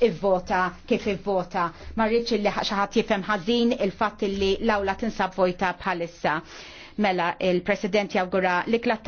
ivvota kif ivvota. Ma rridx li ħadd jifhem ħażin il-fatt li l tinsab vojta bħalissa. Mela il-President jawgura li